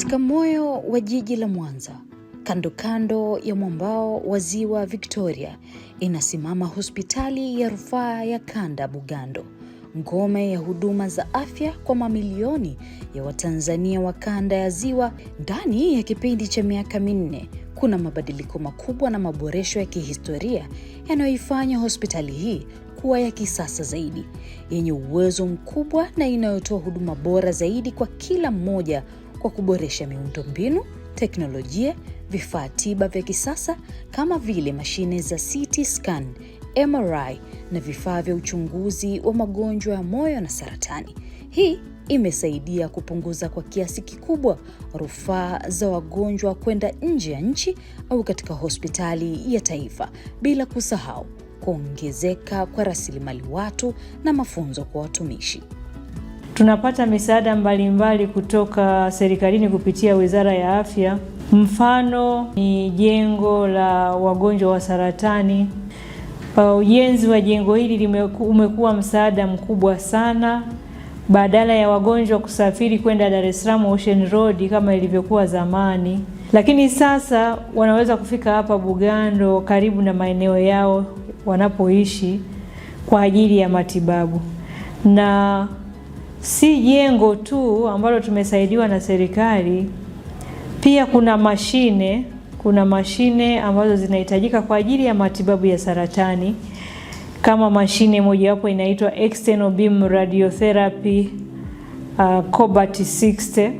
Katika moyo wa jiji la Mwanza, kando kando ya mwambao wa ziwa Victoria, inasimama hospitali ya rufaa ya kanda Bugando, ngome ya huduma za afya kwa mamilioni ya Watanzania wa kanda ya ziwa. Ndani ya kipindi cha miaka minne, kuna mabadiliko makubwa na maboresho ya kihistoria yanayoifanya hospitali hii kuwa ya kisasa zaidi, yenye uwezo mkubwa na inayotoa huduma bora zaidi kwa kila mmoja kwa kuboresha miundombinu, teknolojia, vifaa tiba vya kisasa kama vile mashine za CT scan, MRI na vifaa vya uchunguzi wa magonjwa ya moyo na saratani. Hii imesaidia kupunguza kwa kiasi kikubwa rufaa za wagonjwa kwenda nje ya nchi au katika hospitali ya taifa, bila kusahau kuongezeka kwa rasilimali watu na mafunzo kwa watumishi. Tunapata misaada mbalimbali kutoka serikalini kupitia Wizara ya Afya. Mfano ni jengo la wagonjwa wa saratani. Ujenzi wa jengo hili umekuwa msaada mkubwa sana. Badala ya wagonjwa kusafiri kwenda Dar es Salaam Ocean Road kama ilivyokuwa zamani, lakini sasa wanaweza kufika hapa Bugando karibu na maeneo yao wanapoishi kwa ajili ya matibabu na si jengo tu ambalo tumesaidiwa na serikali, pia kuna mashine, kuna mashine ambazo zinahitajika kwa ajili ya matibabu ya saratani kama mashine mojawapo inaitwa external beam radiotherapy uh, cobalt 60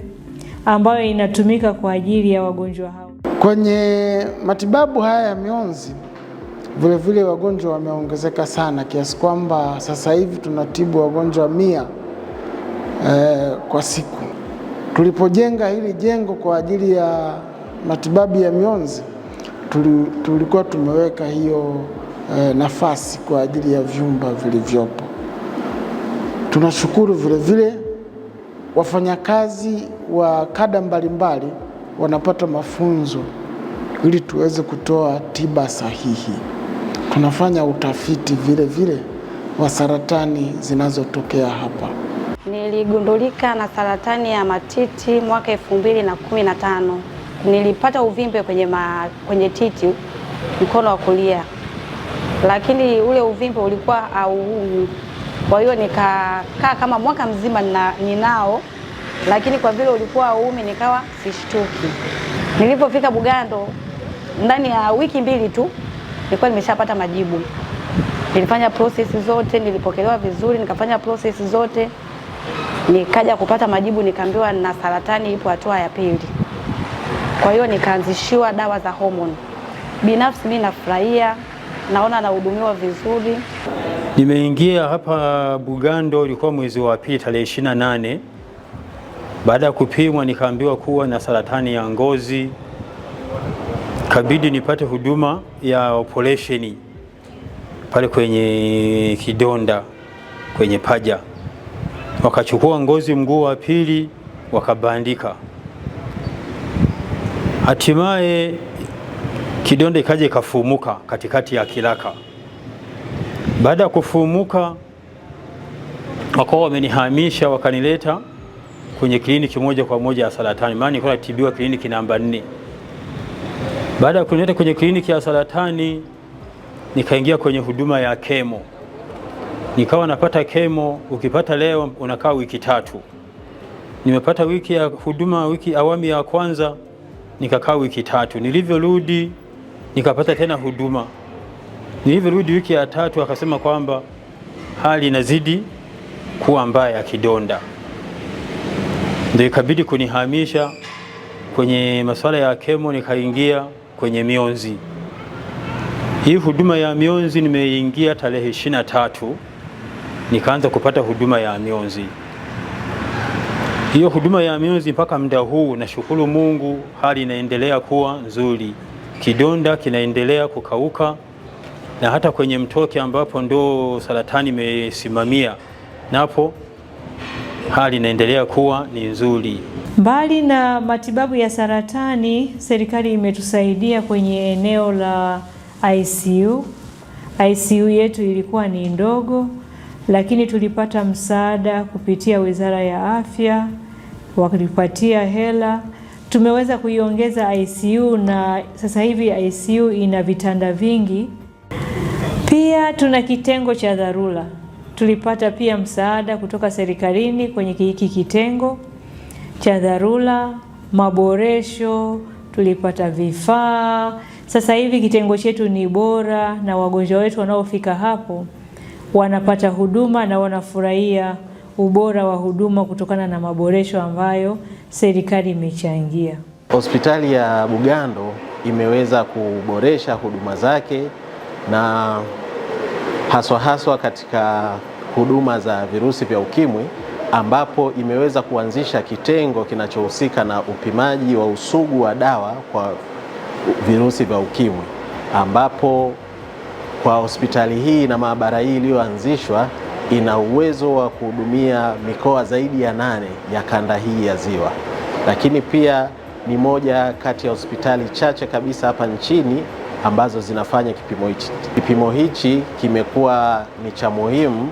ambayo inatumika kwa ajili ya wagonjwa hao. Kwenye matibabu haya ya mionzi, vilevile wagonjwa wameongezeka sana kiasi kwamba sasa hivi tunatibu wagonjwa mia eh, kwa siku. Tulipojenga hili jengo kwa ajili ya matibabu ya mionzi tulikuwa tumeweka hiyo eh, nafasi kwa ajili ya vyumba vilivyopo. Tunashukuru vilevile wafanyakazi wa kada mbalimbali wanapata mafunzo ili tuweze kutoa tiba sahihi. Tunafanya utafiti vile vile wa saratani zinazotokea hapa niligundulika na saratani ya matiti mwaka elfu mbili na kumi na tano. Nilipata uvimbe kwenye, ma, kwenye titi mkono wa kulia, lakini ule uvimbe ulikuwa hauumi. Kwa hiyo nikakaa kama mwaka mzima na, ninao lakini kwa vile ulikuwa auumi nikawa sishtuki. Nilipofika Bugando ndani ya wiki mbili tu nilikuwa nimeshapata majibu. Nilifanya prosesi zote, nilipokelewa vizuri, nikafanya prosesi zote nikaja kupata majibu, nikaambiwa na saratani ipo hatua ya pili. Kwa hiyo nikaanzishiwa dawa za homoni. Binafsi mimi nafurahia, naona nahudumiwa vizuri. Nimeingia hapa Bugando ilikuwa mwezi wa pili tarehe ishirini na nane. Baada ya kupimwa nikaambiwa kuwa na saratani ya ngozi, kabidi nipate huduma ya operesheni pale kwenye kidonda kwenye paja wakachukua ngozi mguu wa pili wakabandika, hatimaye kidonda ikaja ikafumuka katikati ya kiraka. Baada ya kufumuka, wakawa wamenihamisha wakanileta kwenye kliniki moja kwa moja ya saratani, maana nilikuwa natibiwa kliniki namba nne. Baada ya kunileta kwenye kliniki ya saratani, nikaingia kwenye huduma ya kemo nikawa napata kemo, ukipata leo unakaa wiki tatu. Nimepata wiki ya huduma, wiki awamu ya kwanza nikakaa wiki tatu. Nilivyorudi nikapata tena huduma. Nilivyorudi wiki ya tatu, akasema kwamba hali inazidi kuwa mbaya ya kidonda, ndio ikabidi kunihamisha kwenye masuala ya kemo, nikaingia kwenye mionzi. Hii huduma ya mionzi nimeingia tarehe ishirini na tatu nikaanza kupata huduma ya mionzi. Hiyo huduma ya mionzi mpaka muda huu nashukuru Mungu, hali inaendelea kuwa nzuri, kidonda kinaendelea kukauka, na hata kwenye mtoke ambapo ndo saratani imesimamia napo hali inaendelea kuwa ni nzuri. Mbali na matibabu ya saratani, serikali imetusaidia kwenye eneo la ICU. ICU yetu ilikuwa ni ndogo, lakini tulipata msaada kupitia Wizara ya Afya, walipatia hela tumeweza kuiongeza ICU na sasa hivi ICU ina vitanda vingi. Pia tuna kitengo cha dharura, tulipata pia msaada kutoka serikalini kwenye hiki kitengo cha dharura, maboresho, tulipata vifaa. Sasa hivi kitengo chetu ni bora na wagonjwa wetu wanaofika hapo wanapata huduma na wanafurahia ubora wa huduma kutokana na maboresho ambayo serikali imechangia. Hospitali ya Bugando imeweza kuboresha huduma zake na haswa haswa katika huduma za virusi vya ukimwi ambapo imeweza kuanzisha kitengo kinachohusika na upimaji wa usugu wa dawa kwa virusi vya ukimwi ambapo kwa hospitali hii na maabara hii iliyoanzishwa ina uwezo wa kuhudumia mikoa zaidi ya nane ya kanda hii ya Ziwa, lakini pia ni moja kati ya hospitali chache kabisa hapa nchini ambazo zinafanya kipimo hichi. Kipimo hichi kimekuwa ni cha muhimu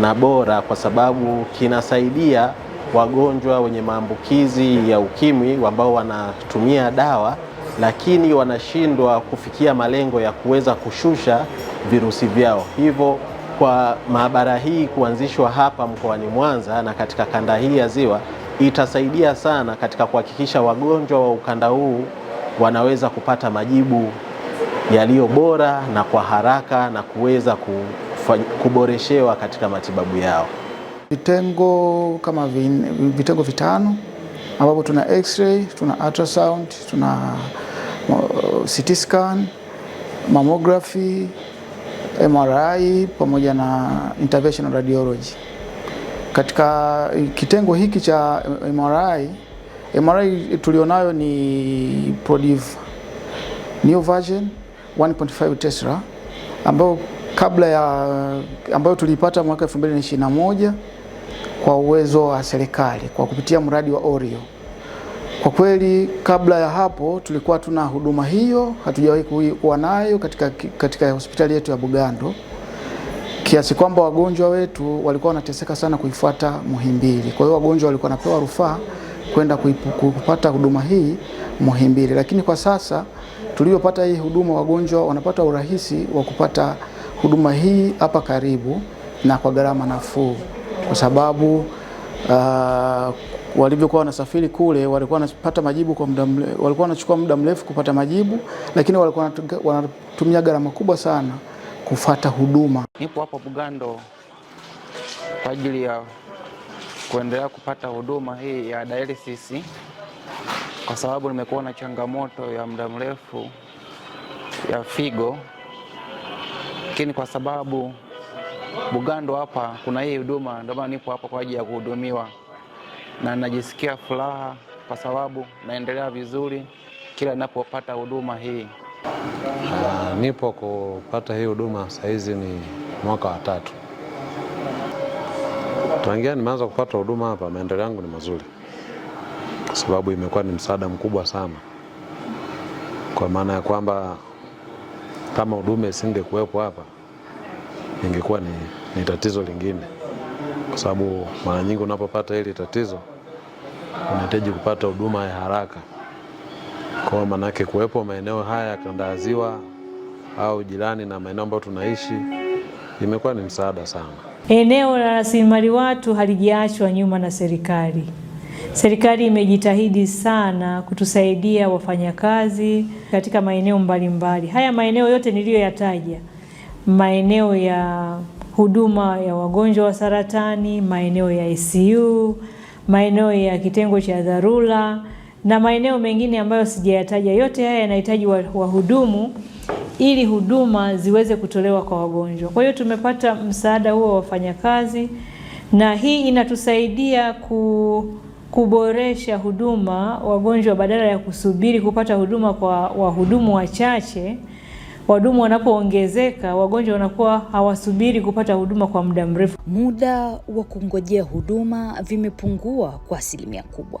na bora kwa sababu kinasaidia wagonjwa wenye maambukizi ya UKIMWI ambao wanatumia dawa lakini wanashindwa kufikia malengo ya kuweza kushusha virusi vyao. Hivyo kwa maabara hii kuanzishwa hapa mkoani Mwanza na katika kanda hii ya Ziwa itasaidia sana katika kuhakikisha wagonjwa wa ukanda huu wanaweza kupata majibu yaliyo bora na kwa haraka na kuweza kuboreshewa katika matibabu yao. Vitengo kama vitengo vitano ambapo tuna x-ray, tuna ultrasound, tuna uh, CT scan, mammography MRI pamoja na interventional radiology. Katika kitengo hiki cha MRI, MRI tulionayo ni Prodiva new version 1.5 Tesla ambayo kabla ya ambayo tulipata mwaka 2021 kwa uwezo wa serikali kwa kupitia mradi wa Orio. Kwa kweli kabla ya hapo tulikuwa tuna huduma hiyo, hatujawahi kuwa nayo katika, katika hospitali yetu ya Bugando kiasi kwamba wagonjwa wetu walikuwa wanateseka sana kuifuata Muhimbili. Kwa hiyo wagonjwa walikuwa wanapewa rufaa kwenda kupata huduma hii Muhimbili, lakini kwa sasa tulivyopata hii huduma, wagonjwa wanapata urahisi wa kupata huduma hii hapa karibu na kwa gharama nafuu, kwa sababu uh, walivyokuwa wanasafiri kule, walikuwa wanapata majibu kwa muda mrefu, walikuwa wanachukua muda mrefu kupata majibu, lakini walikuwa wanatumia gharama kubwa sana kufata huduma. Nipo hapa Bugando kwa ajili ya kuendelea kupata huduma hii ya dialysis kwa sababu nimekuwa na changamoto ya muda mrefu ya figo, lakini kwa sababu Bugando hapa kuna hii huduma, ndio maana nipo hapa kwa ajili ya kuhudumiwa na najisikia furaha kwa sababu naendelea vizuri kila ninapopata huduma hii. Uh, nipo kupata hii huduma sahizi ni mwaka wa tatu tangia nimeanza kupata huduma hapa. Maendeleo yangu ni mazuri, kwa sababu imekuwa ni msaada mkubwa sana, kwa maana ya kwamba kama huduma isingekuwepo hapa, ingekuwa ni, ni tatizo lingine kwa sababu mara nyingi unapopata hili tatizo unahitaji kupata huduma ya haraka. Kwa maanake kuwepo maeneo haya ya kanda ya Ziwa au jirani na maeneo ambayo tunaishi imekuwa ni msaada sana. Eneo la rasilimali watu halijaachwa nyuma na serikali. Serikali imejitahidi sana kutusaidia wafanyakazi katika maeneo mbalimbali mbali. Haya maeneo yote niliyoyataja maeneo ya huduma ya wagonjwa wa saratani, maeneo ya ICU, maeneo ya kitengo cha dharura na maeneo mengine ambayo sijayataja. Yote haya yanahitaji wahudumu ili huduma ziweze kutolewa kwa wagonjwa. Kwa hiyo tumepata msaada huo wa wafanyakazi, na hii inatusaidia ku, kuboresha huduma wagonjwa, badala ya kusubiri kupata huduma kwa wahudumu wachache wadumu wanapoongezeka, wagonjwa wanakuwa hawasubiri kupata huduma kwa muda mrefu. Muda wa kungojea huduma vimepungua kwa asilimia kubwa,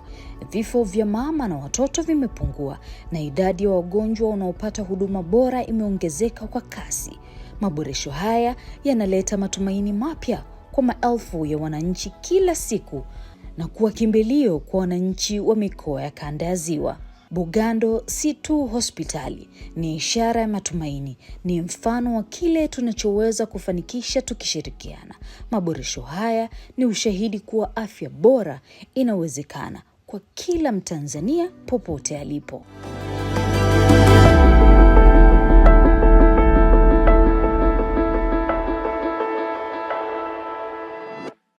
vifo vya mama na watoto vimepungua, na idadi ya wa wagonjwa wanaopata huduma bora imeongezeka kwa kasi. Maboresho haya yanaleta matumaini mapya kwa maelfu ya wananchi kila siku na kuwa kimbilio kwa wananchi wa mikoa ya Kanda ya Ziwa. Bugando si tu hospitali, ni ishara ya matumaini, ni mfano wa kile tunachoweza kufanikisha tukishirikiana. Maboresho haya ni ushahidi kuwa afya bora inawezekana kwa kila Mtanzania popote alipo.